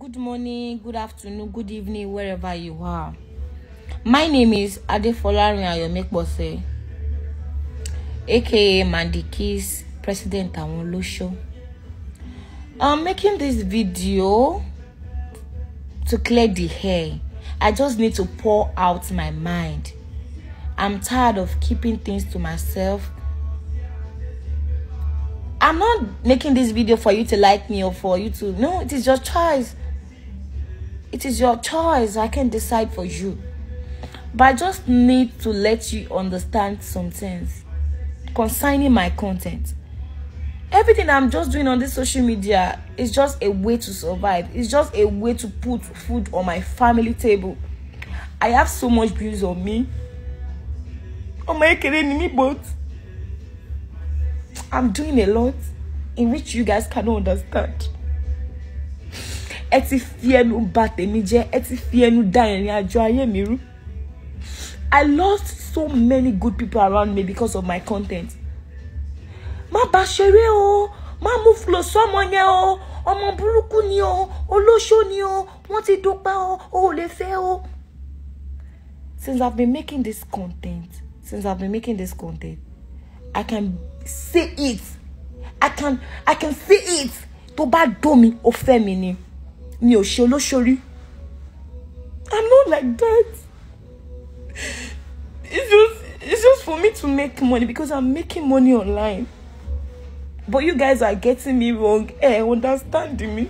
Good morning, good afternoon, good evening, wherever you are. My name is Adefolarin Ayomekpose, aka Mandiki's President Àwọn Olóṣó. I'm making this video to clear the hair. I just need to pour out my mind. I'm tired of keeping things to myself. I'm not making this video for you to like me or for you to no, it is your choice. It is your choice. I can decide for you. But I just need to let you understand some things concerning my content. Everything I'm just doing on this social media is just a way to survive. It's just a way to put food on my family table. I have so much views on me. Oh my kidding me But I'm doing a lot in which you guys cannot understand ẹ ti fi ẹnu bà tèmi jẹ́ ẹ ti fi ẹnu dà ìrìn àjò ayé mi rú I lost so many good people around me because of my content má bá ṣeré o má mú fúlò sọmọ yẹn o ọmọ burúkú ni o olóṣó ni o wọ́n ti dúpẹ́ o o ò lè fẹ́ o. Since I've been making this content since I've been making this content I can see it I can I can see it tó bá dùn mí ó fẹ́ mi ni mi ò ṣe olóṣorí i'm not like that it's just it's just for me to make money because i'm making money online but you guys are getting me wrong eh understand me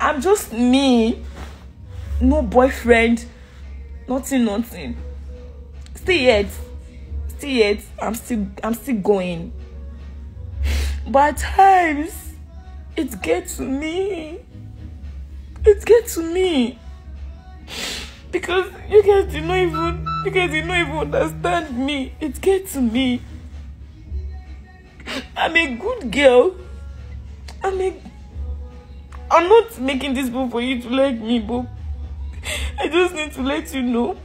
i'm just me no boyfriend nothing nothing still yet still yet i'm still i'm still going but at times It gets me. It gets me. Because you guys did not even you guys did not even understand me. It gets me. I'm a good girl. I'm a I'm not making this book for you to like me, but I just need to let you know.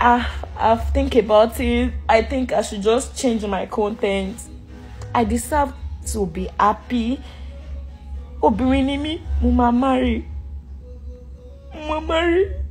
I I think about it. I think I should just change my content. I deserve to be happy obìnrin ni mí mo máa marry mo máa marry.